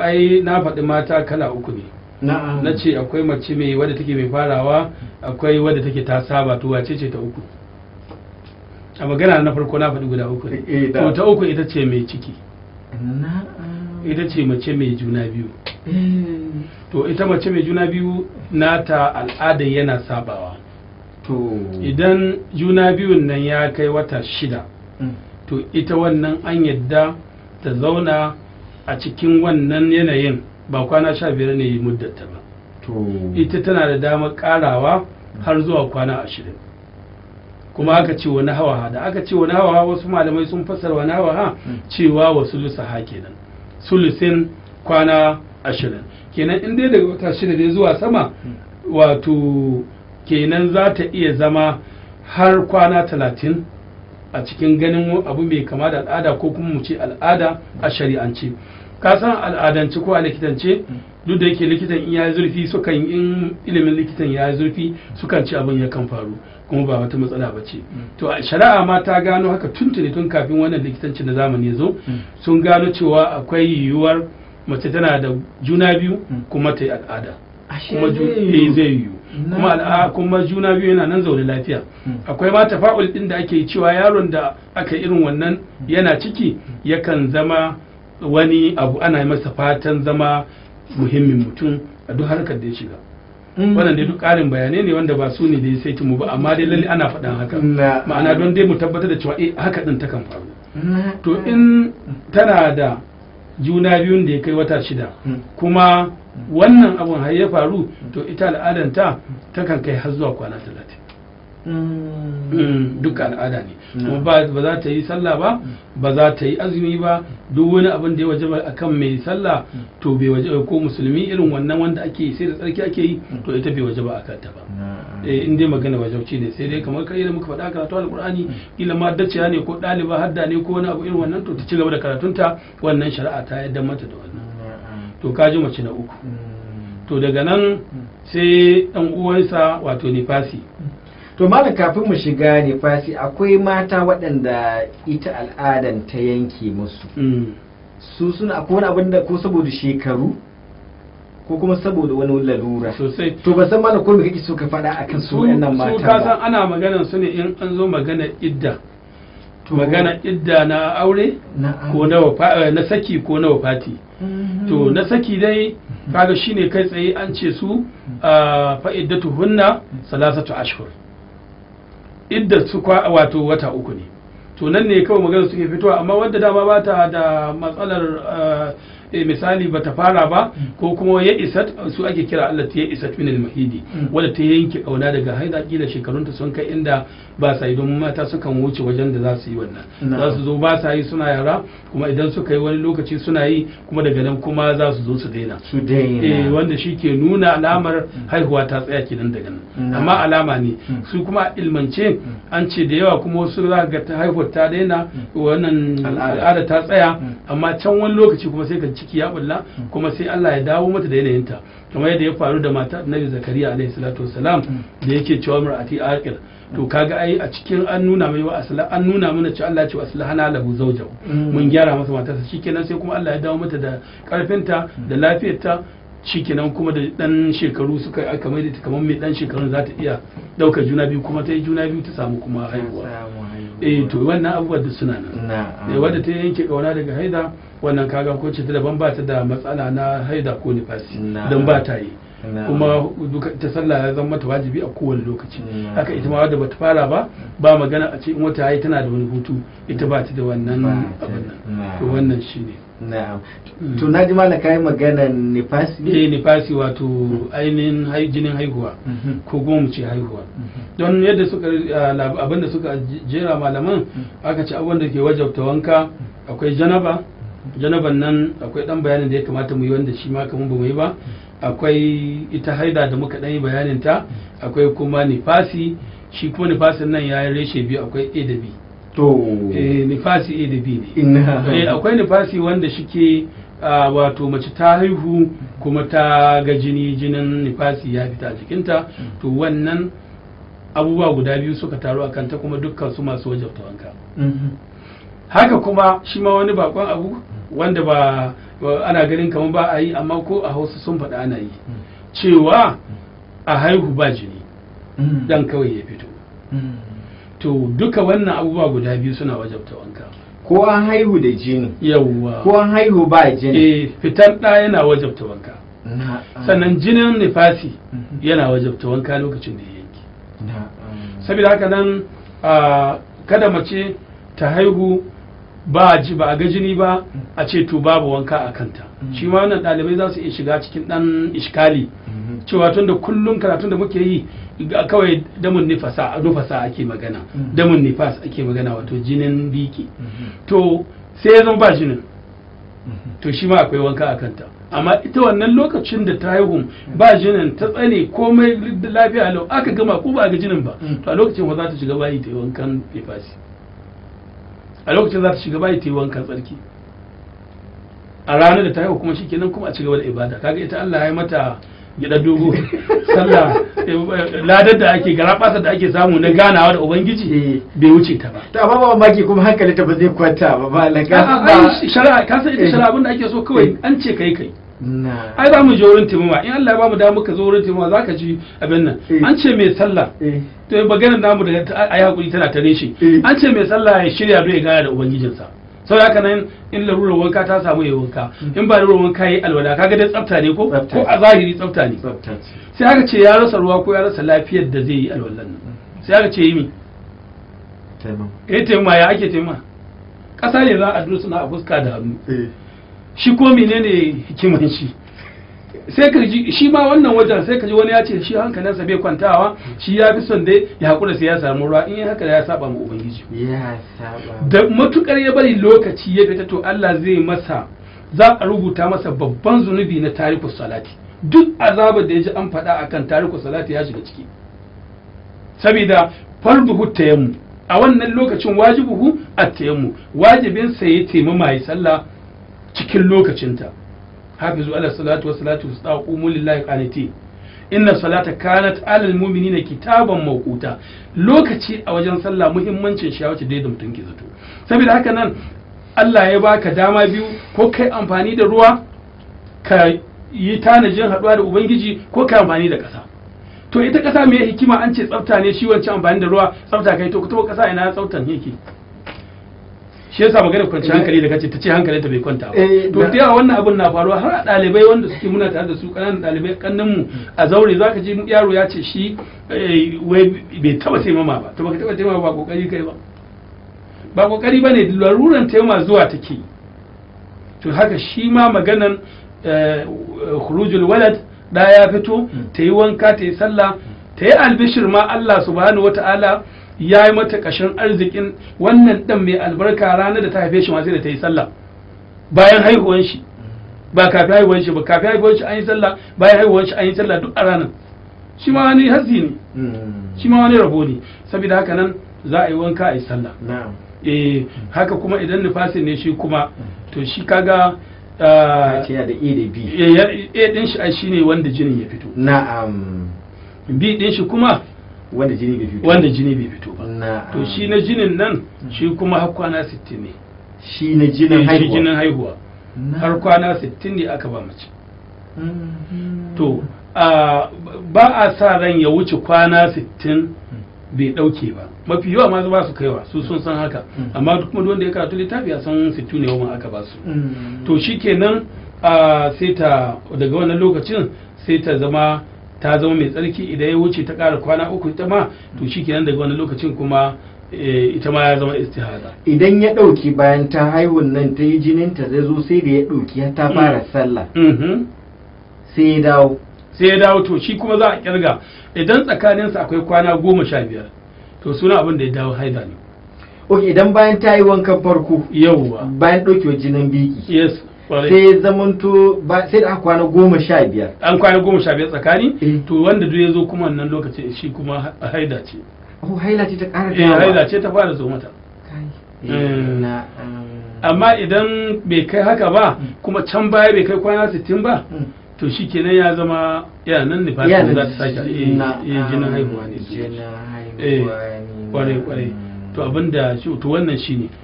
ai na faɗi mata kala uku ne na ce akwai mace mai wadda take mai farawa akwai wadda take ta saba to wace ce ta uku a magana na farko na faɗi guda uku ne eh, eh, to ta uku ita ce mai ciki ita ce mace mai juna biyu eh. to ita mace mai juna biyu nata al'ada yana sabawa to idan juna biyun nan ya kai wata shida mm. to ita wannan an yadda ta zauna a cikin wannan yanayin ba kwana sha biyar ne muddata ba ita tana da damar karawa har zuwa kwana ashirin kuma aka ce wani hawaha da aka ce wani hawaha wasu malamai sun fasar wani hawaha hmm. cewa wasu ha kenan sulusin kwana ashirin kenan in dai daga wata shida dai zuwa sama hmm. wato kenan za ta iya zama har kwana talatin a cikin ganin abu mai kama da al'ada ko kuma mu ce al'ada a shari'ance ka san al'adance ko a likitance duk da yake likitan in ya zurfi sukan in ilimin likitan ya zurfi sukan ci abin ya kan faru kuma ba wata matsala ba ce to a shari'a ma ta gano haka tuntuni tun kafin wannan likitanci na zamani ya zo sun gano cewa akwai yiwuwar mace tana da juna biyu kuma ta yi al'ada kuma eh, zai yiwu kuma kuma juna biyu yana nan zaune lafiya hmm. akwai ma tafa'ul din da ake cewa yaron da aka irin wannan hmm. yana ciki yakan zama wani abu ana yi masa fatan zama muhimmin mutum a duk harkar da ya shiga hmm. wannan dai duk ƙarin bayanai ne wanda ba su ne dai sai mu ba amma dai lalle ana faɗan haka ma'ana don dai mu tabbatar da cewa eh haka din takan faru to in tana da juna biyun da ya kai wata shida hmm. kuma hmm. wannan abun har ya faru to ita al'adanta kan kai har zuwa kwana talatin Mm. Mm, duk al'ada ne mm. kuma ba za ta yi sallah ba ba za ta yi azumi ba duk wani abin da ya waje akan mai sallah to bai waje ko musulmi irin wannan wanda ake sai da tsarki ake yi to ita bai waje ba akan ta ba in dai magana wajauci ne sai dai kamar kai da muka faɗa karatu alqur'ani kila ma dace ne ko ɗaliba hadda ne ko wani abu irin wannan to ta ci gaba da karatunta wannan shari'a ta yadda mata da wannan to ka ji mace na uku to daga nan sai ɗan uwansa wato nifasi to malam kafin mu shiga ne fasi akwai mata waɗanda ita al'adan ta yanke musu mm. su suna akwai wani abin da ko saboda shekaru ko kuma saboda wani lalura sosai to ba san malam ko me kake so ka faɗa akan su wannan mata su ka san ana magana su ne in an zo magana idda magana idda na aure ko eh, na saki ko na wafati mm-hmm. to na saki dai mm-hmm. kaga shine kai tsaye an ce su mm-hmm. ah, fa'iddatu hunna salasatu ashhur idda su wato wata uku ne to nan ne kawai magana suke fitowa amma wanda dama ba ta da matsalar eh, Eh, misali bata fara ba mm. ko kuma ya isat su ake kira Allah ta ya isat min mahidi mm. wanda ta yanke kauna daga haida kila shekarun ta sun kai inda ba sa yi mata suka wuce wajen da za su yi wannan za su zo ba sa yi suna yara kuma idan suka yi wani lokaci suna yi kuma daga nan kuma za su zo su daina su daina eh, wanda shi ke nuna alamar mm. haihuwa ta tsaya kenan daga nan amma alama ne su kuma ilmance an ce da yawa kuma wasu za ga haihuwa ta daina wannan al'ada ta tsaya amma can wani lokaci kuma sai ka ciki ya bulla kuma sai Allah ya dawo mata da ta kamar yadda ya faru da mata Annabi Zakariya alaihi salatu wasalam da yake cewa mar'ati aqil to kaga ai a cikin an nuna mai wa asla an nuna mana cewa Allah ce wa asla hana lahu zawjahu mm. mun gyara masa matarsa shikenan sai kuma Allah ya dawo mata da karfinta da lafiyarta shikenan kuma da dan shekaru suka kamar mai da kamar mai dan shekarun za ta iya daukar juna biyu kuma ta yi juna biyu ta samu kuma haihuwa eh to wannan abubuwan da suna nan eh, wadda ta yanke kauna daga haida wannan kaga ko ce ta daban ba ta da matsala na haida ko nifasi dan ba ta yi kuma ta sallah ya zama mata wajibi a kowane lokaci haka ita ma wadda bata fara ba ba magana a ce in wata yayi tana da wani hutu ita ba ta da wannan abin nan to wannan shine na'am hmm. to na ji mala kai magana nifasi eh nifasi wato ainihin jinin haihuwa mhm. ko goma ce haihuwa mhm. don yadda suka ah, abinda suka jera malaman mhm. aka ci abin da ke wajabta wanka akwai janaba janaban nan akwai dan bayanin da ya kamata mu yi wanda shi ma kamar mu yi ba akwai ita haida da muka dan yi bayanin ta akwai kuma nifasi shi kuma nifasin nan ya yi reshe biyu akwai a da b to eh, nifasi A da B ne eh, akwai nifasi wanda ke wato mace ta haihu kuma ta ga jini jinin nifasi ya fita a jikinta to wannan abubuwa guda biyu suka taru a kanta kuma dukkan su masu wajabta wanka mm-hmm. haka kuma shi ma wani bakon abu wanda ba ana ganin kamar ba a yi amma ko a hausa sun faɗa ana yi mm. cewa a haihu ba jini mm. dan kawai ya fito mm. to duka wannan abubuwa guda biyu suna wajabta wanka ko an haihu da jini yawwa ko an haihu ba jini eh fitar ɗa yana wajabta wanka sannan jinin nifasi mhm. yana wajabta wanka lokacin da ya saboda haka nan kada mace ta haihu ba ji ba a ga jini ba a ce to babu wanka a kanta mm. shi ma wannan ɗalibai za su iya shiga cikin dan iskali cewa tun da kullum karatun da muke yi kawai damun nifasa nufasa ake magana mm. damun nifas ake magana wato jinin biki mm-hmm. to sai ya zama ba jinin mm-hmm. to shi ma akwai wanka a kanta amma ita wannan lokacin da ta haihu mm. ba jinin ta tsane komai lafiya lau aka gama ko ba ga jinin ba mm. to a lokacin ba za ta shiga bayi ta yi wankan nifasi a lokacin za ta shiga bayi ta yi wankan tsarki a ranar da ta haihu kuma kenan kuma a cigaba da ibada kaga ita Allah ya mata gidan dogo sallah eh, ladar da ake garabasa da ake samu na ganawa da ubangiji eh. bai wuce ta ba ta ba maki kuma hankali ta ba zai kwanta ba ba laga ba shara ka san ita eh. shara abin da ake so kawai an ce kai kai ai za mu je wurin timama in Allah ya ba mu da muka zo wurin timama zaka ji abin nan an ce mai sallah to maganar namu da ayi hakuri tana tare shi an ce mai sallah ya shirya don ya gaya da ubangijinsa saboda haka nan in larurar wanka ta samu ya wanka in ba larurar wanka yi alwada kaga dai tsafta ne ko ko a zahiri tsafta ne sai aka ce ya rasa ruwa ko ya rasa lafiyar da zai yi alwallan nan sai aka ce yi mi eh taimama ya ake taimama ƙasa ne za a suna a fuska da hannu eh. shi ko menene hikiman shi sai ka ji shi ma wannan wajen sai ka ji wani ya ce shi hankalinsa bai kwantawa shi ya fi son dai ya haƙura sai ya samu ruwa in ya haka ya saba ma ubangiji da matukar ya bari lokaci ya fita to Allah zai masa za a rubuta masa babban zunubi na tariku salati duk azabar da ya ji an faɗa akan tarikus salati ya shiga ciki saboda fardu tayammu a wannan lokacin wajibuhu a tayammu wajibin sai ya taimama mai sallah cikin lokacinta hafizu ala salatu wa salatu wa qumu lillahi qanitin inna salata kanat alal mu'minina kitaban mawquta lokaci a wajen sallah muhimmancin shi wace da mutum ke zato saboda haka nan Allah ya baka dama biyu ko kai amfani da ruwa ka yi tanajin haɗuwa da ubangiji ko kai amfani da ƙasa to ita ƙasa mai hikima an ce tsafta ne shi wancan amfani da ruwa tsafta kai to kuma ƙasa ina tsaftan yake shi yasa magana kwanci hankali da kace ta ce hankalinta bai kwanta ba eh, to da yawa wannan abun na faruwa har a ɗalibai wanda suke muna tare da su kanan dalibai kannan mu a zaure zaka ji yaro ya ce shi eh, wai bai taba taimama ba to baka taba taimama ba kokari kai ba ba kokari bane laruran taimama zuwa take to haka shi ma maganan eh, khurujul walad da ya fito hmm. ta yi wanka ta yi sallah ta yi albishir ma Allah subhanahu wataala ya yi mata kashin arzikin wannan dan mai albarka ranar da ta haife shi masu da ta yi sallah bayan haihuwan shi ba kafin haihuwan shi ba kafin haihuwan shi an yi sallah bayan haihuwan shi an yi sallah duk a ranar shi ma wani hazi ne hmm. shi ma wani rabo ne saboda haka nan za a yi wanka a yi sallah eh haka kuma idan nufasin ne shi kuma to shi kaga a ah, da a da b eh, a din shi shine wanda jinin ya fito na'am b din shi kuma wanda jini bai fito wanda jini bai fito ba to shi na jinin nan shi kuma har kwana 60 ne shi na jinin haihuwa shi har kwana 60 ne aka ba mace mm-hmm. to ba a sa ran ya wuce kwana 60 mm. bai dauke ba mafi yawa ma ba su kaiwa su sun san haka mm. amma duk kuma wanda ya karatu littafi a san 60 ne yawan aka ba su mm. to shikenan sai ta daga wannan lokacin sai ta zama ta zama mai tsarki idan ya wuce ta ƙara kwana uku ita ma to shikenan daga wani lokacin kuma eh, ita ma ya zama istihada idan ya ɗauki bayan ta haihun nan ta yi jinin ta zai zo sai da ya ɗauki ta fara mm. sallah mm-hmm. sai ya dawo sai ya dawo to shi kuma za a kirga idan tsakaninsa akwai kwana goma sha biyar to suna abin da ya dawo haida ne ok idan bayan ta yi wankan farko yauwa bayan ɗaukewar jinin biki yes sai zamanto sai da an kwana goma sha biyar an kwana goma sha biyar tsakani eh. to wanda duk ya zo kuma wannan lokacin shi kuma haida ce oh haila ce ta ƙara eh haila ce ta fara zo mata eh. um, amma idan bai kai haka ba hmm. kuma can baya bai kai kwana sittin ba hmm. to shi kenan ya zama yana nan ne fatan za ta sake jinin haihuwa ne kwarai kwarai to abinda shi to wannan ne.